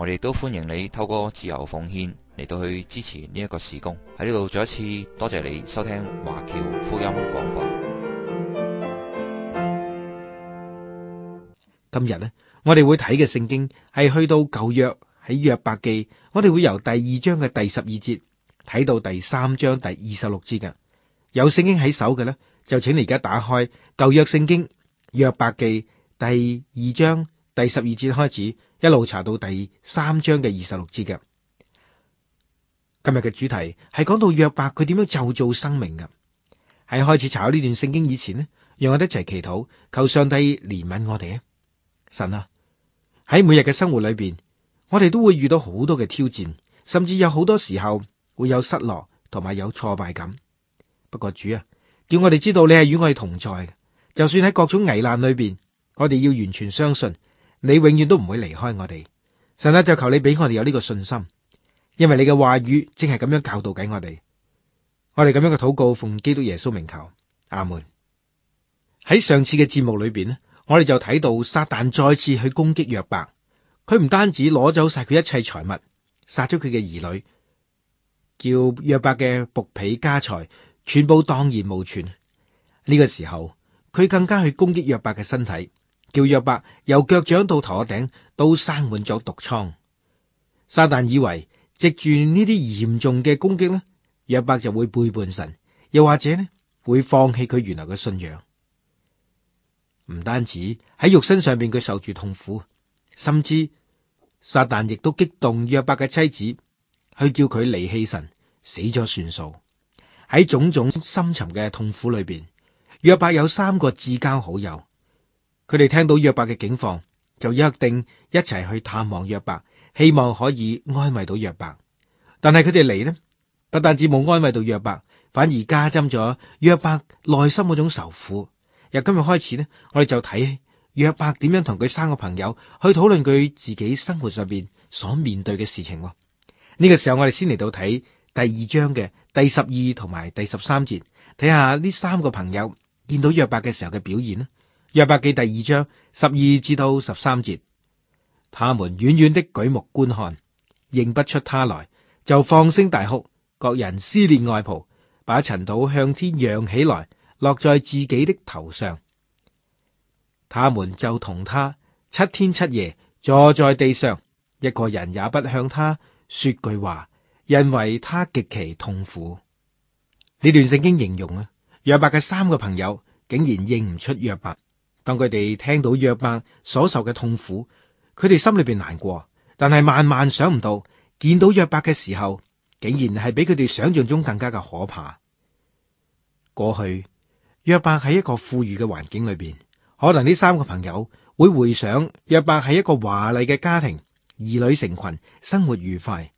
我哋都歡迎你透過自由奉獻嚟到去支持呢一個事工。喺呢度再一次多謝你收聽華僑福音廣播。今日呢，我哋會睇嘅聖經係去到舊約喺約伯記，我哋會由第二章嘅第十二節睇到第三章第二十六節嘅。有聖經喺手嘅呢，就請你而家打開舊約聖經約伯記第二章，第十二節開始，一路查到第三章嘅二十六節嘅。今日嘅主題係講到約伯佢點樣就做生命嘅。喺開始查呢段聖經以前咧，讓我哋一齊祈禱，求上帝憐憫我哋啊！神啊，喺每日嘅生活裏邊，我哋都會遇到好多嘅挑戰，甚至有好多時候會有失落同埋有挫敗感。不過主啊，叫我哋知道你係與我哋同在嘅，就算喺各種危難裏邊，我哋要完全相信。你永遠都唔會離開我哋，神啊！就求你俾我哋有呢個信心，因為你嘅話語正係咁樣教導緊我哋。我哋咁樣嘅禱告奉基督耶穌名求，阿門。喺上次嘅節目裏邊咧，我哋就睇到撒旦再次去攻擊約伯，佢唔單止攞走晒佢一切財物，殺咗佢嘅兒女，叫約伯嘅僕婢家財全部蕩然無存。呢個時候，佢更加去攻擊約伯嘅身體。叫約伯由腳掌到頭頂都生滿咗毒瘡，撒旦以為藉住呢啲嚴重嘅攻擊咧，約伯就會背叛神，又或者呢會放棄佢原來嘅信仰。唔單止喺肉身上邊佢受住痛苦，甚至撒旦亦都激動約伯嘅妻子去叫佢離棄神，死咗算數。喺種種深沉嘅痛苦裏邊，約伯有三個至交好友。佢哋聽到約伯嘅境況，就約定一齊去探望約伯，希望可以安慰到約伯。但係佢哋嚟呢，不但止冇安慰到約伯，反而加增咗約伯內心嗰種愁苦。由今日開始呢，我哋就睇約伯點樣同佢三個朋友去討論佢自己生活上邊所面對嘅事情。呢個時候我哋先嚟到睇第二章嘅第十二同埋第十三節，睇下呢三個朋友見到約伯嘅時候嘅表現啦。約伯記第二章十二至到十三節，他們遠遠的舉目觀看，認不出他來，就放聲大哭，各人撕裂外袍，把塵土向天揚起來，落在自己的頭上。他們就同他七天七夜坐在地上，一個人也不向他說句話，因為他極其痛苦。呢段聖經形容啊，約伯嘅三個朋友竟然認唔出約伯。當佢哋聽到約伯所受嘅痛苦，佢哋心裏邊難過。但係萬萬想唔到，見到約伯嘅時候，竟然係比佢哋想象中更加嘅可怕。過去，約伯喺一個富裕嘅環境裏邊，可能呢三個朋友會回想約伯喺一個華麗嘅家庭，兒女成群，生活愉快。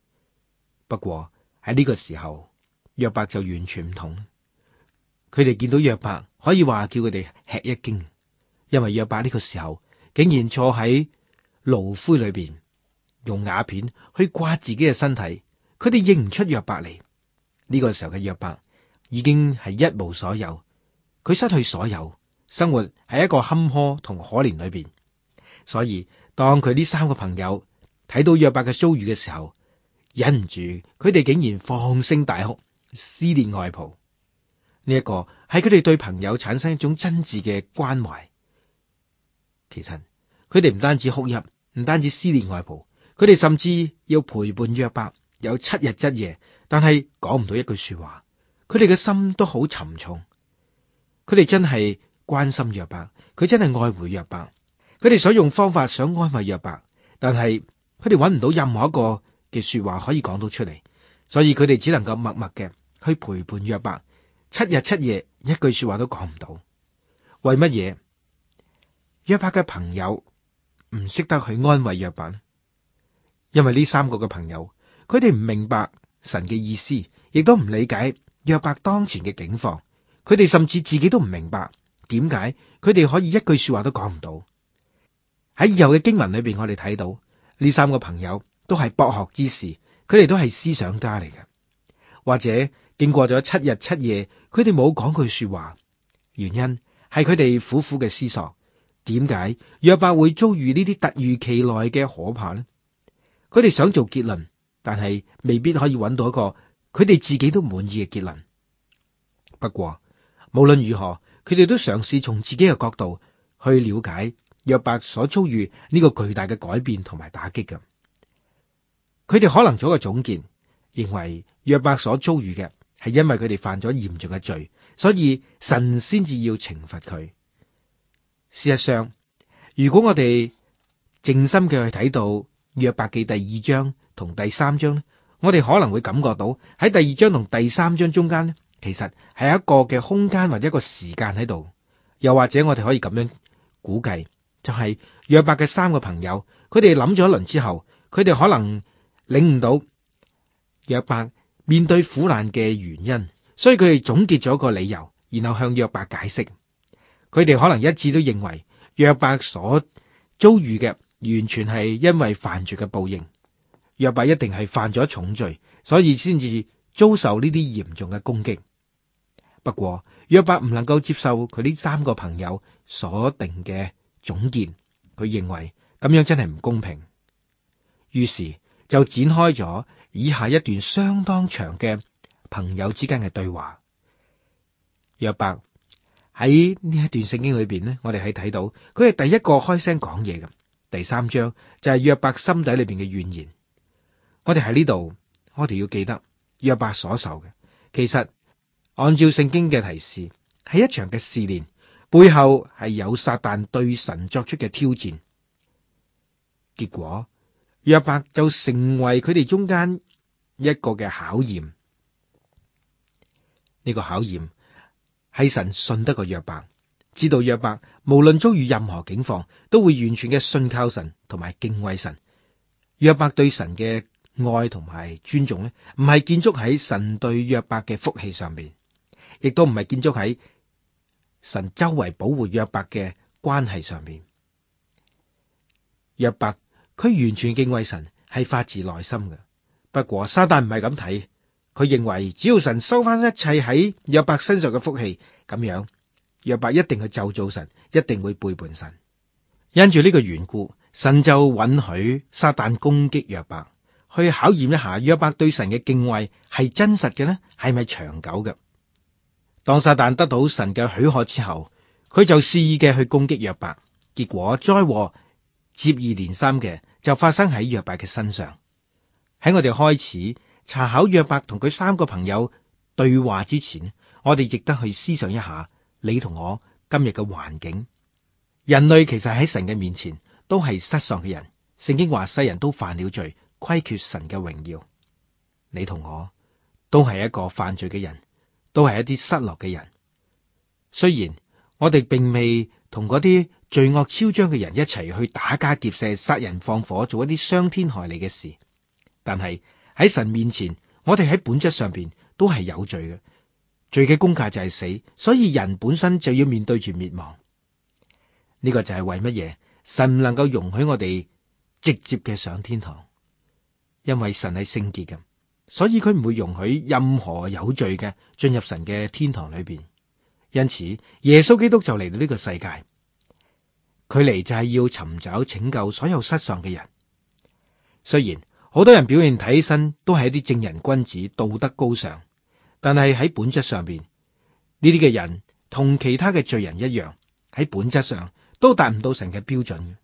不過喺呢個時候，約伯就完全唔同。佢哋見到約伯，可以話叫佢哋吃一驚。因為約伯呢個時候竟然坐喺爐灰裏邊，用瓦片去刮自己嘅身體，佢哋認唔出約伯嚟。呢個時候嘅約伯已經係一無所有，佢失去所有，生活喺一個坎坷同可憐裏邊。所以當佢呢三個朋友睇到約伯嘅遭遇嘅時候，忍唔住，佢哋竟然放聲大哭，思念外婆。呢一個係佢哋對朋友產生一種真摯嘅關懷。其實，佢哋唔單止哭泣，唔單止撕裂外袍，佢哋甚至要陪伴約伯有七日七夜，但係講唔到一句說話，佢哋嘅心都好沉重。佢哋真係關心約伯，佢真係愛回約伯，佢哋想用方法想安慰約伯，但係佢哋搵唔到任何一個嘅說話可以講到出嚟，所以佢哋只能夠默默嘅去陪伴約伯七日七夜，一句說話都講唔到，為乜嘢？約伯嘅朋友唔識得去安慰約伯，因為呢三個嘅朋友，佢哋唔明白神嘅意思，亦都唔理解約伯當前嘅境況。佢哋甚至自己都唔明白點解佢哋可以一句說話都講唔到。喺以後嘅經文裏邊，我哋睇到呢三個朋友都係博學之士，佢哋都係思想家嚟嘅，或者經過咗七日七夜，佢哋冇講句說話，原因係佢哋苦苦嘅思索。點解約伯會遭遇呢啲突如其來嘅可怕呢？佢哋想做結論，但係未必可以揾到一個佢哋自己都滿意嘅結論。不過無論如何，佢哋都嘗試從自己嘅角度去了解約伯所遭遇呢個巨大嘅改變同埋打擊嘅。佢哋可能做一個總結，認為約伯所遭遇嘅係因為佢哋犯咗嚴重嘅罪，所以神先至要懲罰佢。事實上，如果我哋靜心嘅去睇到約伯記第二章同第三章咧，我哋可能會感覺到喺第二章同第三章中間咧，其實係一個嘅空間或者一個時間喺度。又或者我哋可以咁樣估計，就係約伯嘅三個朋友，佢哋諗咗一輪之後，佢哋可能領悟到約伯面對苦難嘅原因，所以佢哋總結咗一個理由，然後向約伯解釋。佢哋可能一致都認為約伯所遭遇嘅，完全係因為犯罪嘅報應，約伯一定係犯咗重罪，所以先至遭受呢啲嚴重嘅攻擊。不過約伯唔能夠接受佢呢三個朋友所定嘅總結，佢認為咁樣真係唔公平。於是就展開咗以下一段相當長嘅朋友之間嘅對話。約伯。喺呢一段聖經裏邊咧，我哋係睇到佢係第一個開聲講嘢嘅。第三章就係約伯心底裏邊嘅怨言。我哋喺呢度，我哋要記得約伯所受嘅，其實按照聖經嘅提示，喺一場嘅試煉，背後係有撒旦對神作出嘅挑戰。結果約伯就成為佢哋中間一個嘅考驗。呢個考驗。係神信得過約伯，知道約伯無論遭遇任何境況，都會完全嘅信靠神同埋敬畏神。約伯對神嘅愛同埋尊重咧，唔係建築喺神對約伯嘅福氣上邊，亦都唔係建築喺神周圍保護約伯嘅關係上邊。約伯佢完全敬畏神，係發自內心嘅。不過撒旦唔係咁睇。佢認為，只要神收返一切喺約伯身上嘅福氣，咁樣約伯一定去咒詛神，一定會背叛神。因住呢個緣故，神就允許撒旦攻擊約伯，去考驗一下約伯對神嘅敬畏係真實嘅呢，係咪長久嘅？當撒旦得到神嘅許可之後，佢就肆意嘅去攻擊約伯，結果災禍接二連三嘅就發生喺約伯嘅身上。喺我哋開始。查考約伯同佢三個朋友對話之前，我哋亦得去思想一下：你同我今日嘅環境，人類其實喺神嘅面前都係失喪嘅人。聖經話：世人都犯了罪，虧缺神嘅榮耀。你同我都係一個犯罪嘅人，都係一啲失落嘅人。雖然我哋並未同嗰啲罪惡囂張嘅人一齊去打家劫舍、殺人放火、做一啲傷天害理嘅事，但係。喺神面前，我哋喺本質上邊都係有罪嘅，罪嘅工價就係死，所以人本身就要面對住滅亡。呢、這個就係為乜嘢？神唔能夠容許我哋直接嘅上天堂，因為神係聖潔嘅，所以佢唔會容許任何有罪嘅進入神嘅天堂裏邊。因此，耶穌基督就嚟到呢個世界，佢嚟就係要尋找拯救所有失喪嘅人。雖然。好多人表現睇起身都係一啲正人君子，道德高尚，但係喺本質上邊呢啲嘅人同其他嘅罪人一樣，喺本質上都達唔到神嘅標準。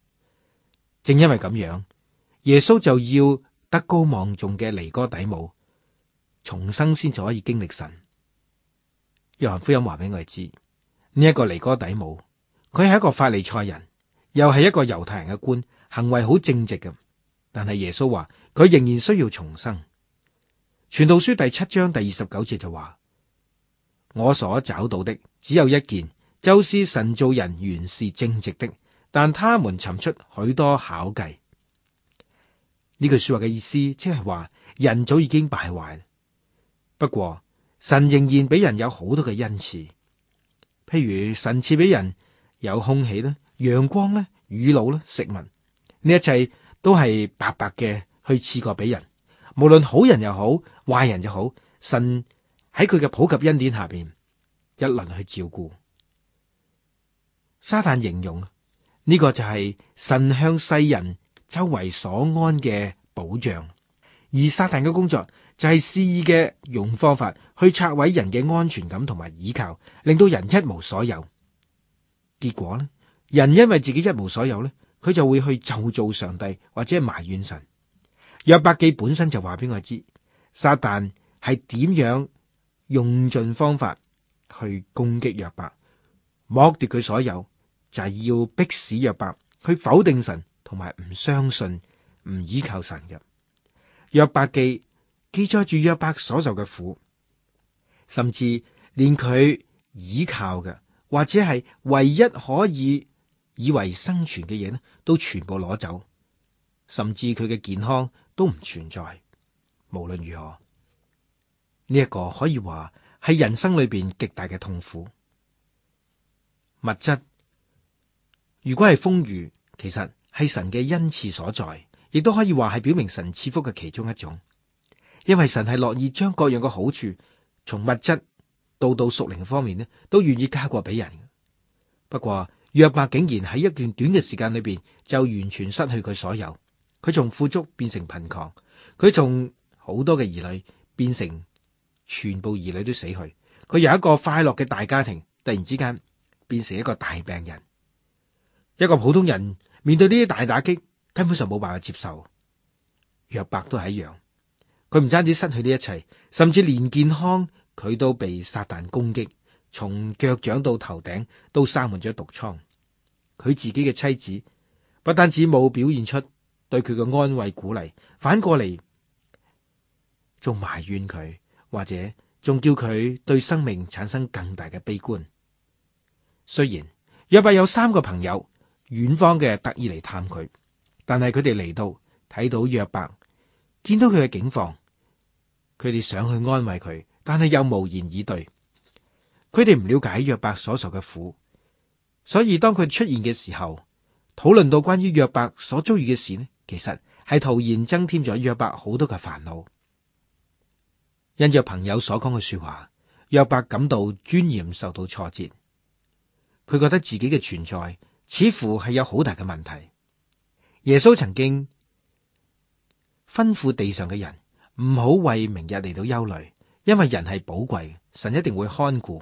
正因為咁樣，耶穌就要德高望重嘅尼哥底母重生先才可以經歷神。約翰福音話俾我哋知，呢一個尼哥底母，佢係一個法利賽人，又係一個猶太人嘅官，行為好正直嘅。但係耶穌話佢仍然需要重生。傳道書第七章第二十九節就話：我所找到的只有一件，就是神造人原是正直的，但他們尋出許多巧計。呢句說話嘅意思，即係話人早已經敗壞。不過神仍然俾人有好多嘅恩賜，譬如神賜俾人有空氣啦、陽光咧、雨露啦、食物。呢一切。都係白白嘅去賜過俾人，無論好人又好，壞人又好，神喺佢嘅普及恩典下邊一輪去照顧。撒旦形容呢、這個就係神向世人周圍所安嘅保障，而撒旦嘅工作就係肆意嘅用方法去拆毀人嘅安全感同埋依靠，令到人一無所有。結果呢，人因為自己一無所有咧。佢就會去咒詛上帝或者埋怨神。約伯記本身就話俾我知，撒旦係點樣用盡方法去攻擊約伯，剝奪佢所有，就係、是、要逼使約伯去否定神，同埋唔相信、唔依靠神嘅。約伯記記載住約伯所受嘅苦，甚至連佢倚靠嘅或者係唯一可以。以為生存嘅嘢呢，都全部攞走，甚至佢嘅健康都唔存在。無論如何，呢、這、一個可以話係人生裏邊極大嘅痛苦。物質如果係豐裕，其實係神嘅恩賜所在，亦都可以話係表明神賜福嘅其中一種。因為神係樂意將各樣嘅好處，從物質到到屬靈方面呢，都願意加過俾人。不過。約伯竟然喺一段短嘅時間裏邊就完全失去佢所有，佢從富足變成貧窮，佢從好多嘅兒女變成全部兒女都死去，佢由一個快樂嘅大家庭突然之間變成一個大病人，一個普通人面對呢啲大打擊根本上冇辦法接受，約伯都係一樣，佢唔單止失去呢一切，甚至連健康佢都被撒旦攻擊，從腳掌到頭頂都生滿咗毒瘡。佢自己嘅妻子，不單止冇表現出對佢嘅安慰鼓勵，反過嚟仲埋怨佢，或者仲叫佢對生命產生更大嘅悲觀。雖然約伯有三個朋友遠方嘅特意嚟探佢，但係佢哋嚟到睇到約伯，見到佢嘅境況，佢哋想去安慰佢，但係又無言以對。佢哋唔了解約伯所受嘅苦。所以當佢出現嘅時候，討論到關於約伯所遭遇嘅事呢，其實係徒然增添咗約伯好多嘅煩惱。因着朋友所講嘅說話，約伯感到尊嚴受到挫折，佢覺得自己嘅存在似乎係有好大嘅問題。耶穌曾經吩咐地上嘅人唔好為明日嚟到憂慮，因為人係寶貴，神一定會看顧。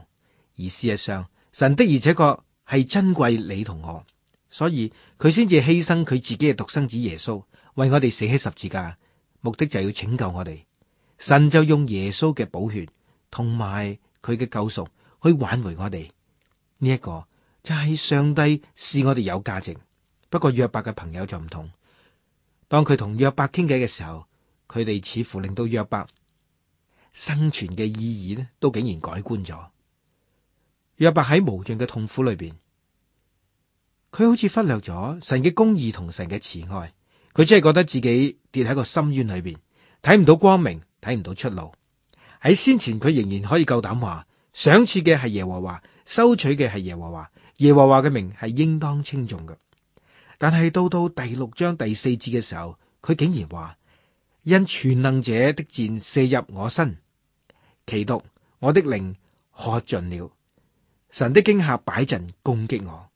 而事實上，神的而且確。係珍貴你同我，所以佢先至犧牲佢自己嘅獨生子耶穌，為我哋死喺十字架，目的就係要拯救我哋。神就用耶穌嘅寶血同埋佢嘅救贖去挽回我哋。呢、這、一個就係上帝視我哋有價值。不過約伯嘅朋友就唔同，當佢同約伯傾偈嘅時候，佢哋似乎令到約伯生存嘅意義咧，都竟然改觀咗。約伯喺無盡嘅痛苦裏邊，佢好似忽略咗神嘅公義同神嘅慈愛，佢只係覺得自己跌喺個深淵裏邊，睇唔到光明，睇唔到出路。喺先前佢仍然可以夠膽話，賞賜嘅係耶和華，收取嘅係耶和華，耶和華嘅名係應當稱頌嘅。但係到到第六章第四節嘅時候，佢竟然話：因全能者的箭射入我身，其毒我的靈喝盡了。神的驚嚇擺陣攻擊我，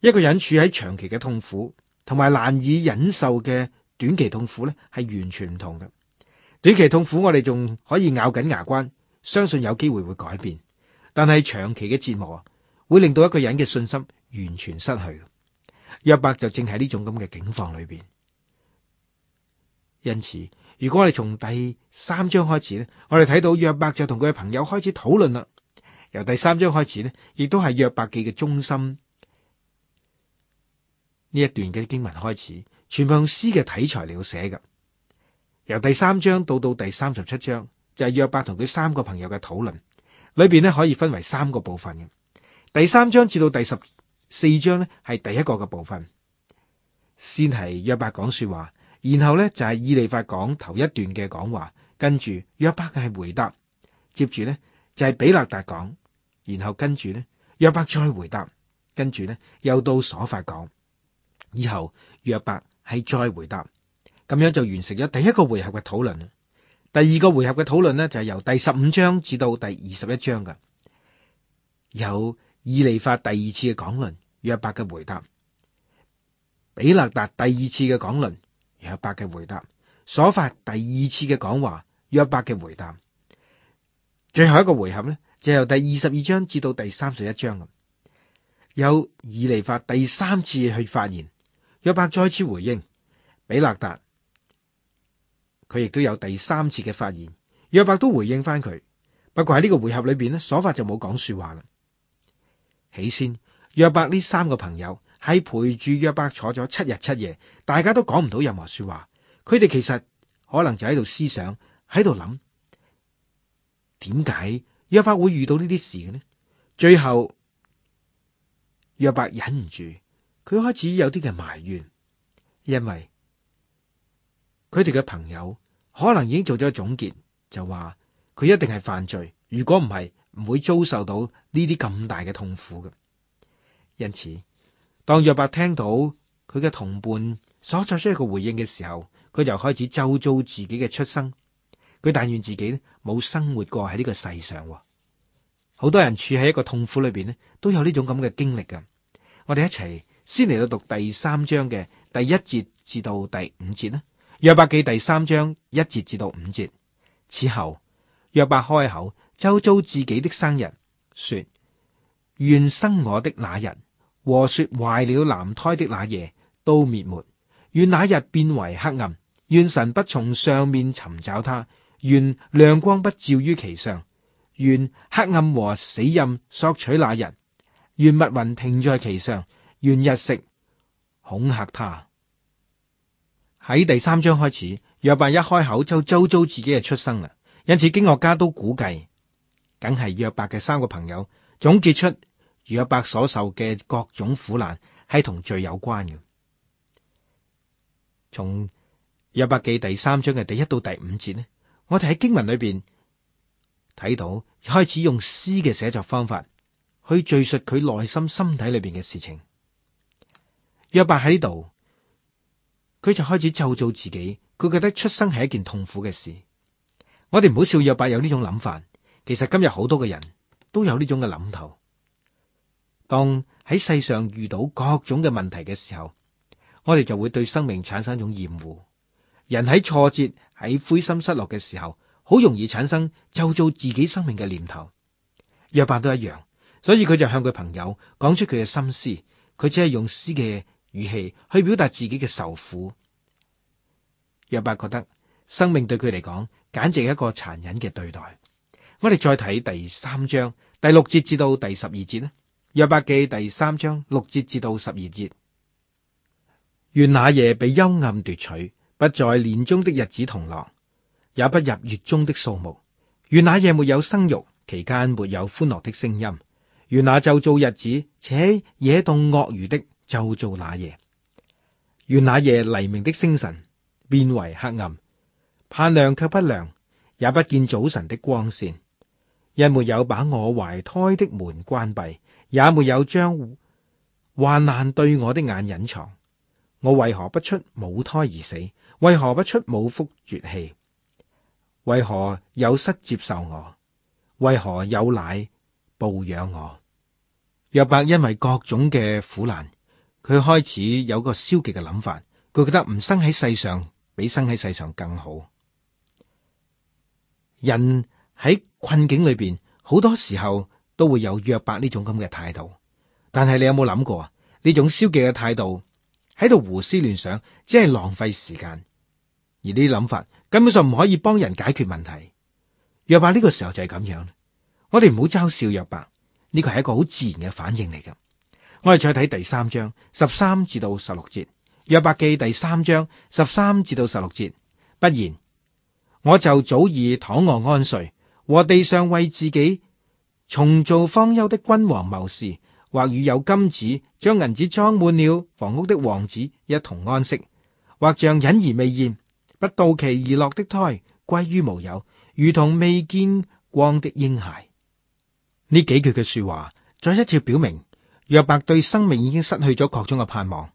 一個人處喺長期嘅痛苦，同埋難以忍受嘅短期痛苦咧，係完全唔同嘅。短期痛苦我哋仲可以咬緊牙關，相信有機會會改變，但係長期嘅折磨啊，會令到一個人嘅信心完全失去。約伯就正喺呢種咁嘅境況裏邊，因此如果我哋從第三章開始咧，我哋睇到約伯就同佢嘅朋友開始討論啦。由第三章開始呢，亦都係約伯記嘅中心呢一段嘅經文開始，全部用詩嘅體裁嚟寫噶。由第三章到到第三十七章，就係、是、約伯同佢三個朋友嘅討論，裏邊呢，可以分為三個部分嘅。第三章至到第十四章呢係第一個嘅部分，先係約伯講說話，然後呢就係以利法講頭一段嘅講話，跟住約伯嘅係回答，接住呢。就係比勒達講，然後跟住咧，約伯再回答，跟住咧又到瑣法講，以後約伯係再回答，咁樣就完成咗第一個回合嘅討論。第二個回合嘅討論咧，就係由第十五章至到第二十一章嘅，有以,以利法第二次嘅講論，約伯嘅回答，比勒達第二次嘅講論，約伯嘅回答，瑣法第二次嘅講話，約伯嘅回答。最後一個回合咧，就由第二十二章至到第三十一章咁，由以利法第三次去發言，約伯再次回應，比勒達，佢亦都有第三次嘅發言，約伯都回應翻佢。不過喺呢個回合裏邊咧，瑣法就冇講說話啦。起先約伯呢三個朋友係陪住約伯坐咗七日七夜，大家都講唔到任何說話，佢哋其實可能就喺度思想，喺度諗。點解約伯會遇到呢啲事嘅呢？最後約伯忍唔住，佢開始有啲嘅埋怨，因為佢哋嘅朋友可能已經做咗總結，就話佢一定係犯罪，如果唔係，唔會遭受到呢啲咁大嘅痛苦嘅。因此，當約伯聽到佢嘅同伴所作出一個回應嘅時候，佢就開始咒詛自己嘅出生。佢但願自己冇生活過喺呢個世上，好多人處喺一個痛苦裏邊咧，都有呢種咁嘅經歷噶。我哋一齊先嚟到讀第三章嘅第一節至到第五節啦。約伯記第三章一節至到五節，此後約伯開口，咒詛自己的生日，說：願生我的那日，和說懷了男胎的那夜都滅沒；願那日變為黑暗；願神不從上面尋找他。願亮光不照於其上，願黑暗和死蔭索取那日，願密雲停在其上，願日食恐嚇他。喺第三章開始，約伯一開口就咒詛，詛自己嘅出生啦，因此經學家都估計，梗係約伯嘅三個朋友總結出約伯所受嘅各種苦難係同罪有關嘅。從約伯記第三章嘅第一到第五節呢？我哋喺經文裏邊睇到開始用詩嘅寫作方法去叙述佢內心心底裏邊嘅事情。約伯喺度，佢就開始咒詛自己，佢覺得出生係一件痛苦嘅事。我哋唔好笑約伯有呢種諗法，其實今日好多嘅人都有呢種嘅諗頭。當喺世上遇到各種嘅問題嘅時候，我哋就會對生命產生一種厭惡。人喺挫折、喺灰心、失落嘅時候，好容易產生咒詛自己生命嘅念頭。約伯都一樣，所以佢就向佢朋友講出佢嘅心思，佢只係用詩嘅語氣去表達自己嘅受苦。約伯覺得生命對佢嚟講，簡直係一個殘忍嘅對待。我哋再睇第三章第六節至到第十二節呢，約伯記第三章六節至到十二節，願那夜被幽暗奪取。不在年中的日子同樂，也不入月中的數目。願那夜沒有生育，其間沒有歡樂的聲音。願那咒詛日子，且惹動鱷魚的咒詛那夜。願那夜黎明的星辰變為黑暗，盼亮卻不亮，也不見早晨的光線。也沒有把我懷胎的門關閉，也沒有將患難對我的眼隱藏。我為何不出母胎而死？為何不出母腹絕氣？為何有膝接受我？為何有奶哺養我？約伯因為各種嘅苦難，佢開始有個消極嘅諗法。佢覺得唔生喺世上比生喺世上更好。人喺困境裏邊，好多時候都會有約伯呢種咁嘅態度。但係你有冇諗過啊？呢種消極嘅態度喺度胡思亂想，只係浪費時間。而啲諗法根本上唔可以幫人解決問題。約伯呢個時候就係咁樣，我哋唔好嘲笑約伯。呢個係一個好自然嘅反應嚟嘅。我哋再睇第三章十三至到十六節《約伯記》第三章十三至到十六節，不然，我就早已躺臥安睡，和地上為自己重造荒丘的君王謀士，或與有金子，將銀子裝滿了房屋的王子一同安息，或像隱而未現。不到期而落的胎歸於無有，如同未見光的嬰孩。呢幾句嘅說話，再一次表明，約伯對生命已經失去咗各種嘅盼望。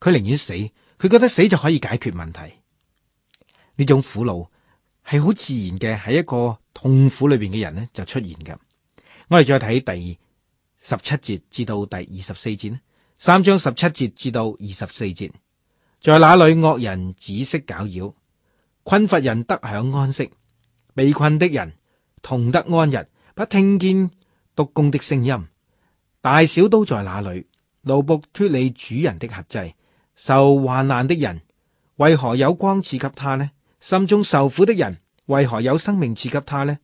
佢寧願死，佢覺得死就可以解決問題。呢種苦惱係好自然嘅，喺一個痛苦裏邊嘅人呢就出現嘅。我哋再睇第十七節至到第二十四節，三章十七節至到二十四節，在那裏惡人止息攪擾。困乏人得享安息，被困的人同得安逸，不聽見督工的聲音。大小都在那裏。奴僕脫離主人的轄制，受患難的人為何有光賜給他呢？心中受苦的人為何有生命賜給他呢？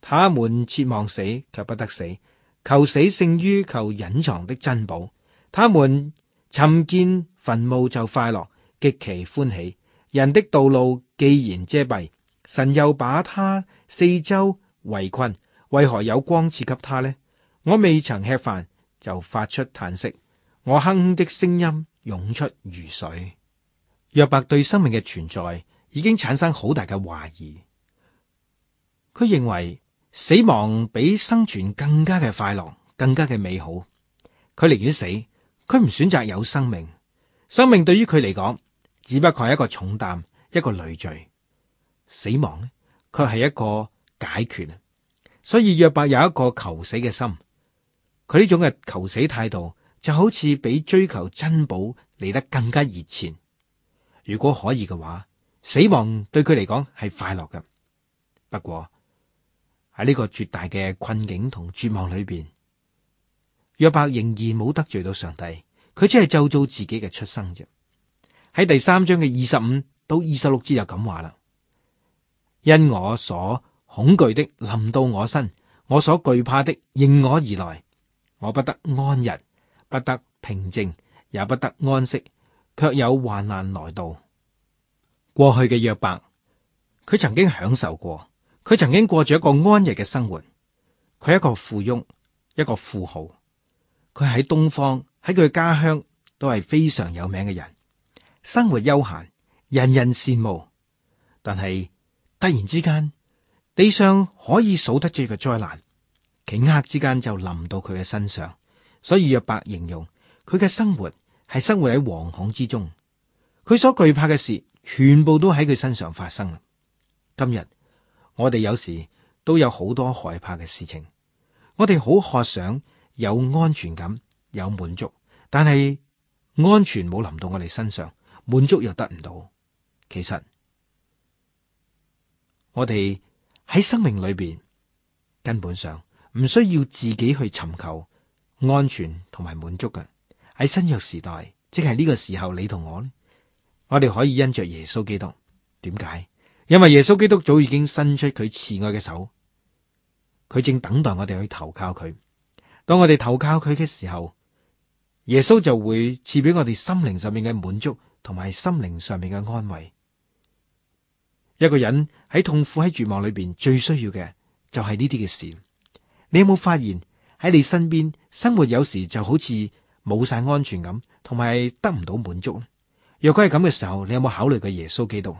他們切望死卻不得死，求死勝於求隱藏的珍寶。他們尋見墳墓就快樂，極其歡喜。人的道路既然遮蔽，神又把他四周圍困，為何有光賜給他呢？我未曾吃飯就發出嘆息，我哼哼的聲音湧出如水。約伯對生命嘅存在已經產生好大嘅懷疑，佢認為死亡比生存更加嘅快樂，更加嘅美好。佢寧願死，佢唔選擇有生命，生命對於佢嚟講，只不過係一個重擔，一個累贅。死亡咧，佢係一個解決。所以約伯有一個求死嘅心，佢呢種嘅求死態度就好似比追求珍寶嚟得更加熱切。如果可以嘅話，死亡對佢嚟講係快樂嘅。不過喺呢個絕大嘅困境同絕望裏邊，約伯仍然冇得罪到上帝，佢只係咒詛自己嘅出生啫。喺第三章嘅二十五到二十六節又咁話啦：因我所恐懼的臨到我身，我所懼怕的迎我而來，我不得安逸，不得平靜，也不得安息，卻有患難來到。過去嘅約伯，佢曾經享受過，佢曾經過住一個安逸嘅生活，佢係一個富翁，一個富豪，佢喺東方喺佢嘅家鄉都係非常有名嘅人。生活悠閒，人人羨慕。但係突然之間，地上可以數得住嘅災難，頃刻之間就臨到佢嘅身上。所以約伯形容佢嘅生活係生活喺惶恐之中。佢所懼怕嘅事，全部都喺佢身上發生。今日我哋有時都有好多害怕嘅事情。我哋好渴想有安全感、有滿足，但係安全冇臨到我哋身上。滿足又得唔到，其實我哋喺生命裏邊根本上唔需要自己去尋求安全同埋滿足嘅。喺新約時代，即係呢個時候，你同我咧，我哋可以因着耶穌基督。點解？因為耶穌基督早已經伸出佢慈愛嘅手，佢正等待我哋去投靠佢。當我哋投靠佢嘅時候，耶穌就會賜俾我哋心靈上面嘅滿足。同埋心靈上面嘅安慰。一個人喺痛苦、喺絕望裏邊最需要嘅就係呢啲嘅事。你有冇發現喺你身邊生活有時就好似冇晒安全感，同埋得唔到滿足呢？若果係咁嘅時候，你有冇考慮過耶穌基督？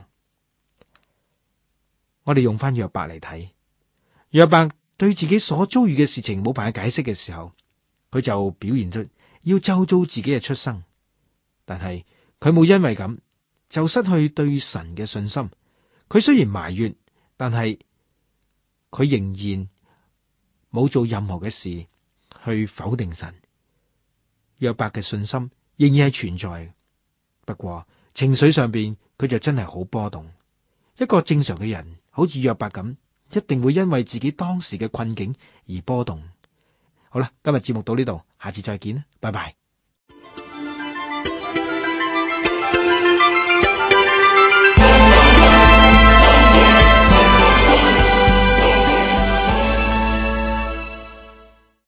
我哋用翻約伯嚟睇，約伯對自己所遭遇嘅事情冇辦法解釋嘅時候，佢就表現出要周遭自己嘅出生，但係。佢冇因為咁就失去對神嘅信心。佢雖然埋怨，但係佢仍然冇做任何嘅事去否定神。約伯嘅信心仍然係存在。不過情緒上邊佢就真係好波動。一個正常嘅人，好似約伯咁，一定會因為自己當時嘅困境而波動。好啦，今日節目到呢度，下次再見啦，拜拜。